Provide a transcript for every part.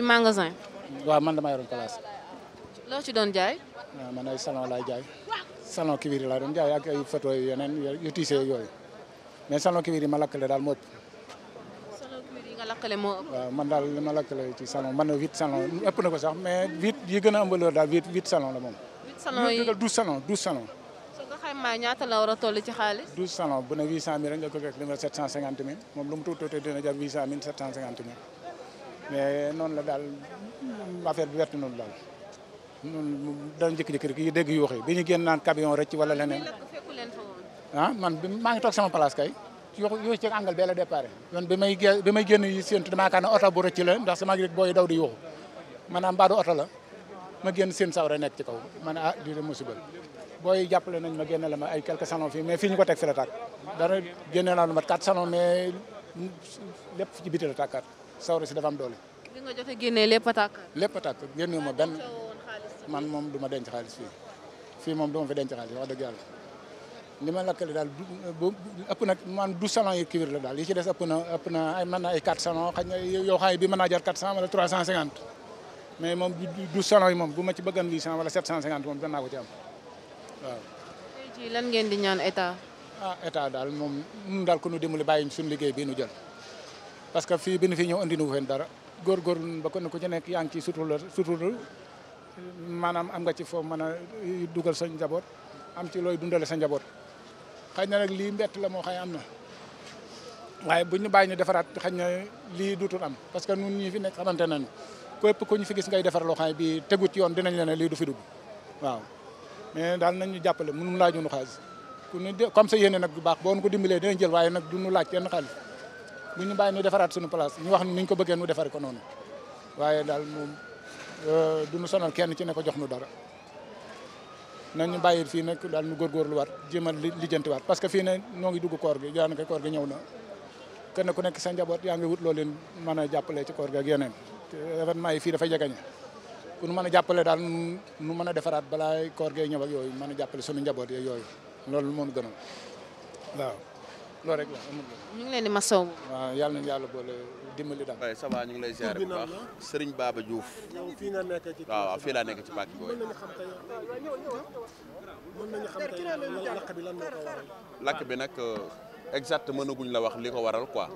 fii magasin. waaw man dama yoroon place. loo ci doon jaay. man salon laay jaay salon kiwir laa doon yi ma lakkale daal moo ëpp. man daal li ma lakkale ci salon man na huit salon ëpp na ko sax mais a ñaata la war a toll ci xaalis. 12 salon bu ne 800000 rek nga ko fekk li nga 750000 moom lu mu tuuti tuuti dina jar 800000 750000. mais noonu la daal affaire bi wert noonu daal noonu dañu jékki-jékki rek yu dégg yoo xam bi ñu génn naan camion rëcc wala leneen. Ah, man bi maa ngi toog sama place kay yoo yoo ci angal bee la départ yoon bi may gé bi may génn yi séntu damaa kaa ne oto bu rëcc la ndax sama booy daw di yoo maanaam mbaadu oto la ma génn seen sawra nekk ci kaw ma ne ah lii de musiba booy jàppale nañ ma génne la ma ay quelques salons fii mais fii ñu ko teg fi la tàkk dara génne naa lu sawar si dafa am doole. li nga jotee génnee lépp a tàkk. lépp a tàkk génne ma benn man moom duma ma denc xaalis fii fii moom du ma denc xaalis wax dëgg yàlla li ma lakkale daal du ëpp nag man du salon yi kiwir la daal yi ci des ëpp na ëpp na ay mën na salon xëy na yow xaay bi mën naa jar 400 wala 350 mais moom du salon moom bu ma ci bëggan 800 wala 750 moom danaa ko ci am waaw. tey jii lan ngeen di ñaan état. ah état daal moom ñun daal ku ñu dimbali bàyyi suñu liggéey bii nu jël. parce que fii bi ñu fi ñëw andina nu fen dara góorgóorlu ba ko ne ku ci nekk yaa ngi ciy suturlu suturlu maanaam am nga ci foo mën a eh, dugal sa njaboot am ci looy dundale sa njaboot xëy na nag lii mbett la moo xëy am na waaye bu ñu bàyyi ñu defaraat xëy na lii dutul am parce que nun ñi fi nekk xamante nañu képp ku ñu fi gis ngay defar loo xam ne bii tegut yoon dinañ la ne lii du fi dugg waaw mais daal nañ ñu jàppale mënum laaj ñu xaalis ku ñu comme ça yéene nag bu baax boo ko dimbalee dinañ jël waaye nag du ñu laaj kenn xaalis bu ñu bàyyi ñu defaraat suñu place ñu wax ni ñu ko bëggee ñu defari ko noonu waaye daal moom euh, du ñu sonal kenn ci ne ko jox nu dara nañu bàyyi fii nag daal ñu góorgóorluwaat jéem a lijjantiwaat parce que fii ne ñoo ngi dugg koor gi daanaka koor gi ñëw na kenn ku nekk sa njaboot yaa ngi wut loo leen mën a jàppale ci koor gi ak yeneen événement yi fii dafa jegañe ku nu mën a jàppale daal nu mën a defaraat balaa koor gee ñëw ak yooyu mën a jàppale suñu njaboot yooyu loolu moom gënal waaw loolu rek la yàlla yàlla boole dimbali daal. waaye ñu ngi lay ziare bu baax Serigne Baba ci waaw fii laa nekk ci pàcc boobu. mën nañu bi lan bi nag euh, exact mënaguñ la wax li ko waral quoi.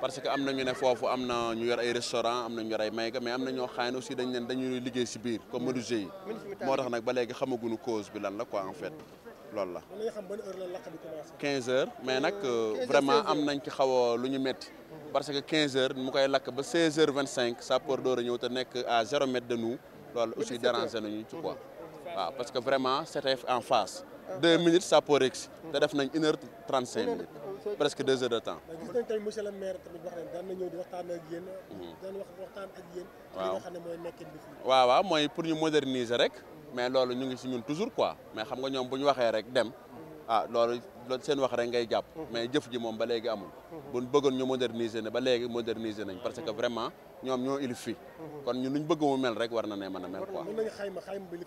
parce que am na ñu ne foofu am na ñu yor ay restaurant am na ñu yor ay mayga mais am na ñoo xam aussi dañ leen dañuy liggéey si biir comme menuisier yi. moo tax nag ba léegi xamaguñu cause bi lan la quoi en fet loolu la. mën xam lakk bi commencé. 15 heures mais euh, nag euh, vraiment am nañ ci xaw a lu ñu métti. parce que quinze heures mu koy lakk ba 16 heures cinq sapeur door a ñëw te nekk à 0 mètre de nous loolu aussi dérangé nañu ci quoi. waaw parce que vraiment c'était en face. deux minutes sapeur egg si. te def nañ une heure 35 minutes. presque deux heures de temps. gis le maire tamit mhm. waaw li waaw mooy pour ñu moderniser rek. mais loolu ñu ngi si ñun toujours quoi mais xam nga ñoom bu ñu waxee rek dem ah loolu seen wax rek ngay jàpp mais jëf ji moom ba léegi amul mm-hmm. buñ bëggoon ñu moderniser na ba léegi moderniser nañ parce que vraiment ñoom ñoo ilif fii mhm. kon ñun ñu bëgg mu mel rek war na ne mën a mel quoi. waa nañu xayma xayma bi li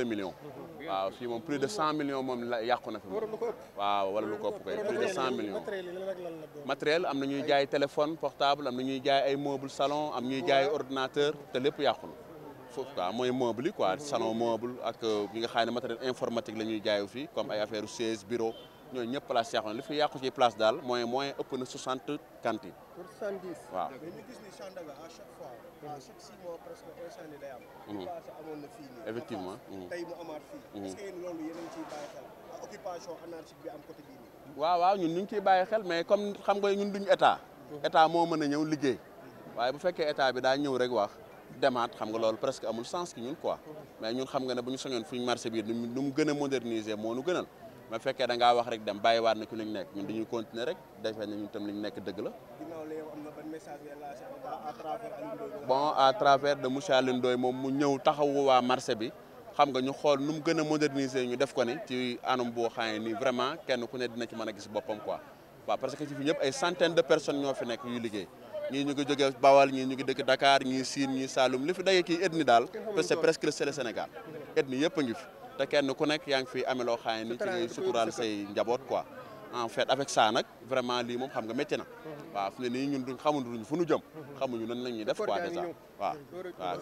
de millions. Mhm. waaw fii moom plus de cent million moom la yàqu na fi moom. waaw wala lu ko ëpp kay plus de matériel am na ñuy jaay téléphone portable am na ñuy jaay ay meuble salon am ñuy jaay ordinateur te lépp yàqu na. foofu quoi mooy meuble yi quoi mhm. salon meuble ak ñi euh, nga xam ne matériel informatique la ñuy jaayu fii comme ay affaire chaise bureau. ñooñu ñëpp place Cheikh li fi yàqu ci place daal mooy moyen ëpp na soixante cantines. pour cent dix. waaw mais mhm. mhm. na fii nii. effectivement mhm. tey mu amaat fii. Ah, waaw waaw ñun ñu ngi bàyyi xel mais comme xam nga ñun duñu état. état moo mën a ñëw liggéey. waaye bu fekkee état bi daa ñëw rek wax. demaat xam nga loolu presque amul sens ki ñun quoi mais ñun xam nga ne bu ñu fu fuñ marché bi nu mu gën a moderniser moo nu gënal ma fekkee da ngaa wax rek dem bàyyiwaat na ku ñu nekk ñun dañuy continuer rek defee na ñun tam li ñu nekk dëgg la. bon à travers de monsieur Alioune Ndoye moom mu ñëw taxawu waa marché bi xam nga ñu xool nu mu gën a moderniser ñu def ko ni ci anam boo xamee ni vraiment kenn ku ne dina ci mën a gis boppam quoi. parce que ci fi ñëpp ay centaines de personnes ñoo fi nekk yuy liggéey ñii ñu ngi jógee Bawal ñii ñu ngi dëkk Dakar ñii Sine ñii Saloum li fi dayee kii ethnie daal. c'est presque c'est le Sénégal ethnie yëpp a fi te kenn ku nekk yaa ngi fi ameloo xaay ni ci ngay suturaal say njaboot ko en fait avec ça nag vraiment lii moom xam nga métti na mhm. waaw fu ne nii ñun duñ xamuñu duñ fu ñu jëm xamuñu nan la ñuy def quoi déjà waaw waaw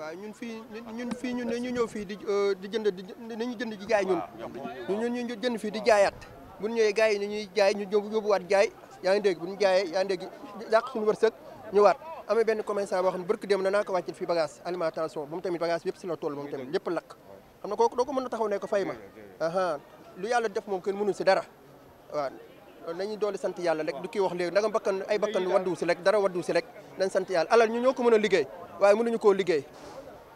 waaw ñun fii ñun fii ñun ne ñu ñëw fii di euh, di jënd di nañu jënd di jaay ñun ñun ñu jënd fii di jaayaat bu ñu ñëwee gars yi ni ñuy jaay ñu waat jaay yaa ngi dégg bu ñu jaayee yaa ngi dégg dàq suñu wërsëg ñëwaat amee benn commerçant boo xam ne barki dem na naa ko wàccil fii bagage alimentation moom tamit bagage yëpp si la tool moom tamit lépp lakk xam na kooku doo ko yàlla def moom kenn mënul si dara waaw nañu doole sant yàlla rek du kii wax léegi ndaga bakkan ay bakkan waddu si rek dara waddu si rek nañ sant yàlla alal ñu ñoo ko mën a liggéey waaye mënuñu koo liggéey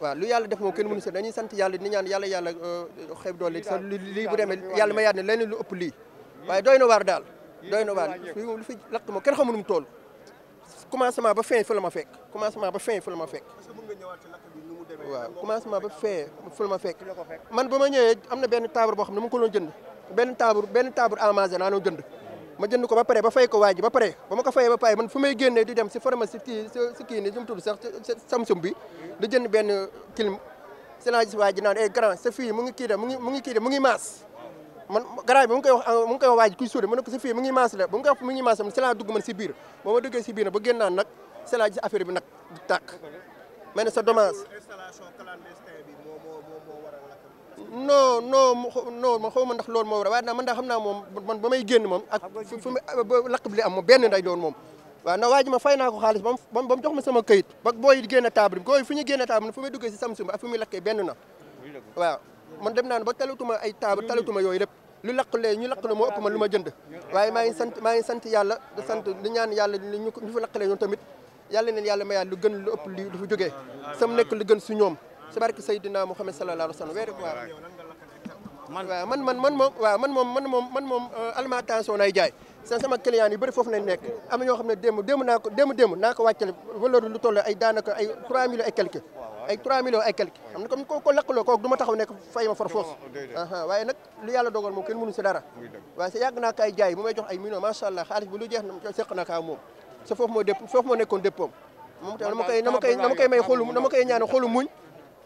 waaw lu yàlla def moom kenn mënu si dañuy sant yàlla di ñaan yàlla yàlla euh, xeeb doole sa lii bu ma yaat ne leneen lu ëpp lii waaye waar daal doy na waar fii moom lu fi lakk moom tool commencement ba ma ba fin fa la ma fekk. waaw commencement ba fin fa la ma fekk. man ba ma ñëwee am na benn taaboor boo xam ne mu ngi ko doon jënd benn taaboor benn taaboor amagé laa doon jënd. ma jënd ko ba pare ba fay ko waa ba pare ba ma ko fayee ba pare man fu may di dem si pharmacie kii si kii ni su sax Samsung bi jënd benn clim si laa gis waa ji naan eh, ay sa fii mu ngi kii de mu ngi maas. man garaay bi mu ngi koy wax mu ngi koy wax waa ji kuy suude ma ne ko sa fii mu ngi maase la ba mu koy wax mu ngi maase man si biir ba ma duggee si biir nag ba ne sa dommage non non non man xaw ma moo waral waaye naa man xam naa moom man ba may génn moom ak fu mu lakk bi li moom benn nday doon moom waaw na waa ji ma fay naa ko xaalis ba mu ba mu jox ma sama kayit ba booy génn table bi booy fu ñu génn table bi fu muy duggee si samsung bi ak fu muy lakkee benn na waaw man dem naa ne ba talatuma ay taaba talatuma yooyu lépp lu lakk lee ñu lakk na moo ëpp man lu ma jënd waaye maa ngi sant maa ngi sant yàlla di sant di ñaan yàlla ñu ñu fi lakkalee ñoom tamit yàlla neen yàlla mayaat lu gën lu ëpp li du fi jógee sam nekk lu gën si ñoom si barke Seydina Muhammad sallallahu alayhi wa sallam weeru waaw man waaw man man man moom waaw man moom man moom man moom euh, alimentation nay jaay sa sama client yi bëri foofu lañ nekk am na ñoo xam ne démb démb naa ko démb démb naa ko wàccale valeur lu tolle ay daanaka ay 3 millions et quelques ay 3 millions ay quelques xam ne comme ko ko lakkaloo kooku du ma taxaw nekk fay ma for foofu waaye nag lu yàlla dogal moom kenn mënu si dara waaye sa yàgg naa kaay jaay bu may jox ay millions macha allah xaalis bi lu jeex na kaa moom sa foofu mooy dépp foofu moo nekkoon déppoom moom tam dama koy dama koy dama koy may xolu dama koy ñaanal xolu muñ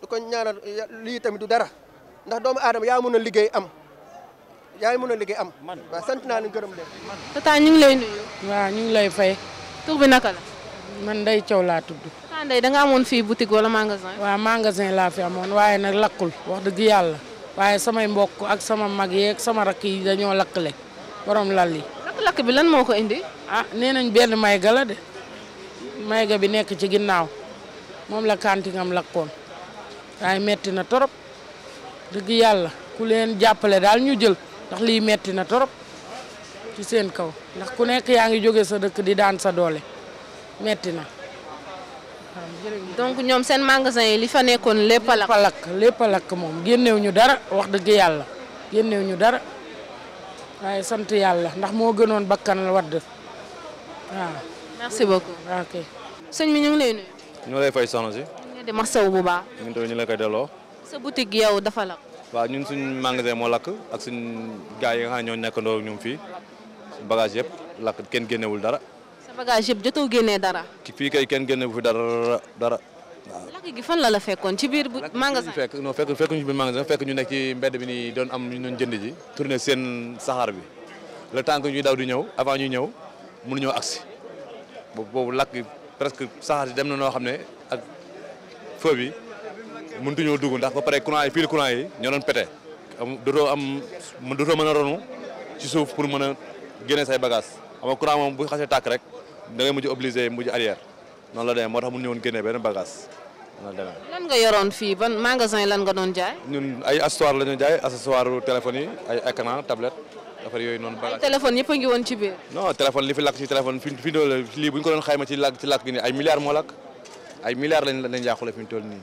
du ko ñaanal lii tamit du dara ndax doomu aadama yaa mën a liggéey am yaa ngi mën a liggéey am waaw sant naa leen gërëm leen tata ñu ngi lay nuyu waaw ñu lay fay tur bi naka la man Ndeye Thiaw laa tudd ah Ndeye nga amoon fii boutique wala magasin. waa magasin laa fi amoon waaye nag lakkul wax dëgg yàlla waaye sama mbokk ak sama mag yeeg sama rakk yi dañoo lakkle borom lal li lakk-lakk bi lan moo ko indi. ah nee nañ benn mayga la de mayga bi nekk ci ginnaaw moom la kantingam lakkoon waaye metti na torop dëgg yàlla ku leen jàppale daal ñu jël ndax lii metti na torop ci seen kaw ndax ku nekk yaa ngi jóge sa dëkk di daan sa doole metti na. donc ñoom seen magasin yi li fa nekkoon lépp a lakk. lépp a lakk moom génneew ñu dara wax dëgg yàlla génneew ñu dara waaye sant yàlla ndax moo gënoon bakkan la wadd waaw. merci beaucoup sëñ bi ñu ngi lay nuyu. ñu ngi lay bu baax. ñun tamit ñu la koy delloo. yow dafa lakk. waaw ñun suñ magasin moo lakk ak suñ gars yi ñoo nekkandoo ñoom fii bagage yëpp lakk kenn génnewul dara. bagage yëpp jotoo génnee dara. fii kay kenn génne bu fi dara dara. waaw lakk gi fan la la fekkoon ci biir bu magasin fekk non fekk fekk ñu ci fekk ñu nekk ci mbedd bi nii doon am ñu doon jënd ji tourné seen saxaar bi le temps que daw di ñëw avant ñuy ñëw mënu ñëw agsi boobu boobu lakk gi presque saxaar si dem na noo xam ne ak feu bi mëntu ñoo dugg ndax ba pare courant yi fil courant yi ñoo doon pété am dootoo am dootoo mën a ronu ci suuf pour mën a génne say bagage ama courant moom bu xasee tàkk rek da ngay mujj obligé mujj arrière noonu la demee moo tax mu ñëwoon génnee benn bagage noonu la demee. lan nga yoroon fii ban jaay. ay accessoires la jaay accessoires téléphone yi ay écran tablette téléphone yëpp a ngi woon ci biir. non téléphone li fi lakk ci téléphone fi fi doole lii bu ñu ko doon xayma ci ci lakk nii ay milliards moo lakk ay milliards lañ lañ jaaxule fi ñu nii.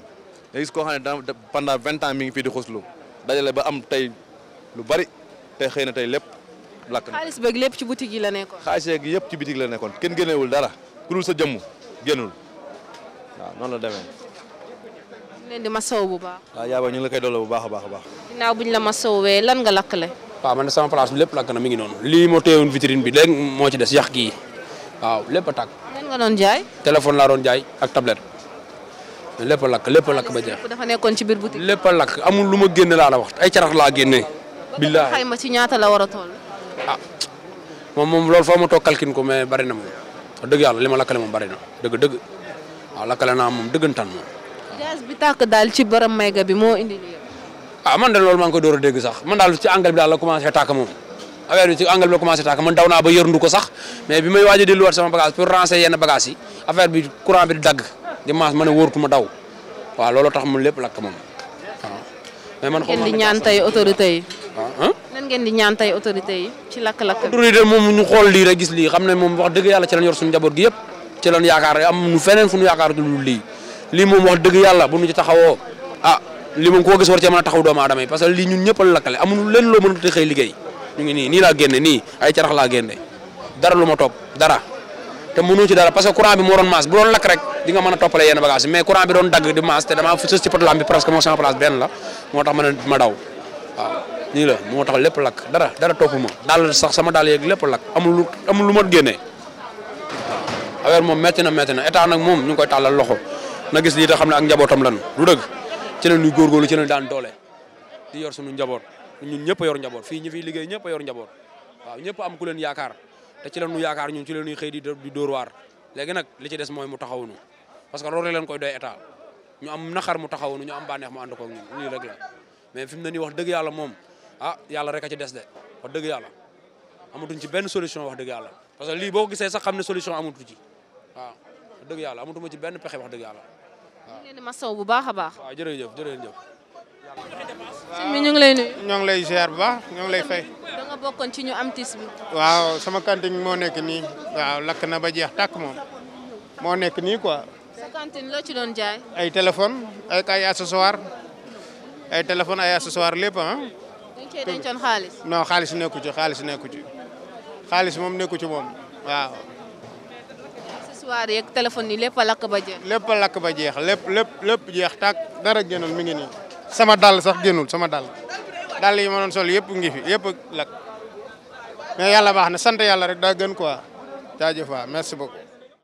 nga gis koo xam ne dana vingt ans mi ngi di xuslu dajale ba am tey lu bari te xëy na tey lépp. lakk na. xaalis beeg lépp ci boutique yi la nekkoon. xaalis beeg yëpp ci boutique la nekkoon kenn génnewul dara ku dul sa jëmm génnul waaw noonu la demee. ñu leen di masawu bu baax. waaw yaa ñu ngi la koy dolloo bu baax a baax a baax. ginnaaw bu ñu la masawuwee lan nga lakkale. waaw man de sama place lépp lakk na mi ngi noonu lii moo teewoon vitrine bi léegi moo ci des yax gii waaw lépp a tàkk. lan nga doon jaay. téléphone laa doon jaay ak tablette lépp a lakk lépp a lakk ba jeex. dafa nekkoon ci biir boutique. lépp a lakk amul lu ma génne laa la wax ay carax la war ah moom moom loolu foo ma toog kalkin ko mais bari na moom wax dëgg yàlla li ma lakkale moom bari na dëgg dëgg waaw ah, lakkale naa moom dëggantaan moom. gaz bi tàkk daal ci borom mayga bi moo indi lii. ah man de loolu maa ngi koy door a dégg sax man daal ci angle bi daal la commencé tàkk moom affaire bi ci angle bi la commencé tàkk man daw naa ba yërndu ko sax mais bi may waaj a delluwaat sama bagage pour ranger yenn bagage yi bi courant bi di dagg di maas ma ne wóorutuma daw waaw loolu tax mu lépp lakk moom ah. lan ngeen di ñaan tey autorité yi ci lakk-lakk moom ñu xool lii rek gis lii xam ne moom wax dëgg yàlla ci lañ yor suñu njaboot gi yëpp ci lañ yaakaar am nu feneen fu ñu yaakaar dul lii lii moom wax dëgg yàlla bu ñu ci taxawoo ah lii moom koo gis war cee mën a taxaw doomu aadama yi parce que lii ñun ñëpp a lakkale amuñu leen loo mën a xëy liggéey ñu ngi nii nii laa génne nii ay carax laa génne dara lu ma topp dara te mënoo ci dara parce que courant bi nii la moo tax lépp lakk dara dara topp ma daal sax sama daal yeeg lépp lakk amul lu amul lu ma génnee waaw moom métti na métti na état nag moom ñu ngi koy tàllal loxo na gis lii te xam ne ak njabootam lan du dëgg ci la ñuy góorgóorlu ci la ñuy daan doole di yor suñu njaboot ñun ñëpp a yor njaboot fii ñi liggéey ñëpp yor njaboot waaw ñëpp am ku leen yaakaar te ci la ñu yaakaar ñun ci la ñuy xëy di di dóor waar léegi nag li ci des mooy mu taxawunu parce que loolu leen koy doy état ñu am naxar mu mu ànd koog ñun lii mu ne ah yàlla rek a ci des de wax dëgg yàlla amatuñ ci benn solution wax dëgg yàlla parce que lii boo ko gisee sax xam ne solution amatu ci waaw wax dëgg yàlla amatuma ci benn pexe wax dëgg yàlla waaw. ñu masaw bu baax baax. waaw jërëjëf jërëjëf. sëñ bi ñu ngi lay nuyu. ñoo ñoo ngi lay fay. da waaw sama cantine moo nekk nii waaw lakk na ba jeex tàkk moom moo nekk nii quoi. sa cantine loo doon jaay. ay téléphone ay ay accessoire ay téléphone ay accessoire lépp ah. dañ cee xaalis. non xaalis nekku ci xaalis nekku ci xaalis moom nekku ci moom waaw. accessoires yeeg téléphone yi lépp lakk ba jeex. lépp a lakk ba jeex lépp lépp lépp jeex tàkk dara génnoon mi ngi nii. sama dàll sax génnul sama dàll dàll yi ma doon sol yëpp ngi fi yëpp lakk mais yàlla baax na sant yàlla rek daa gën quoi jaajëf waay merci beaucoup.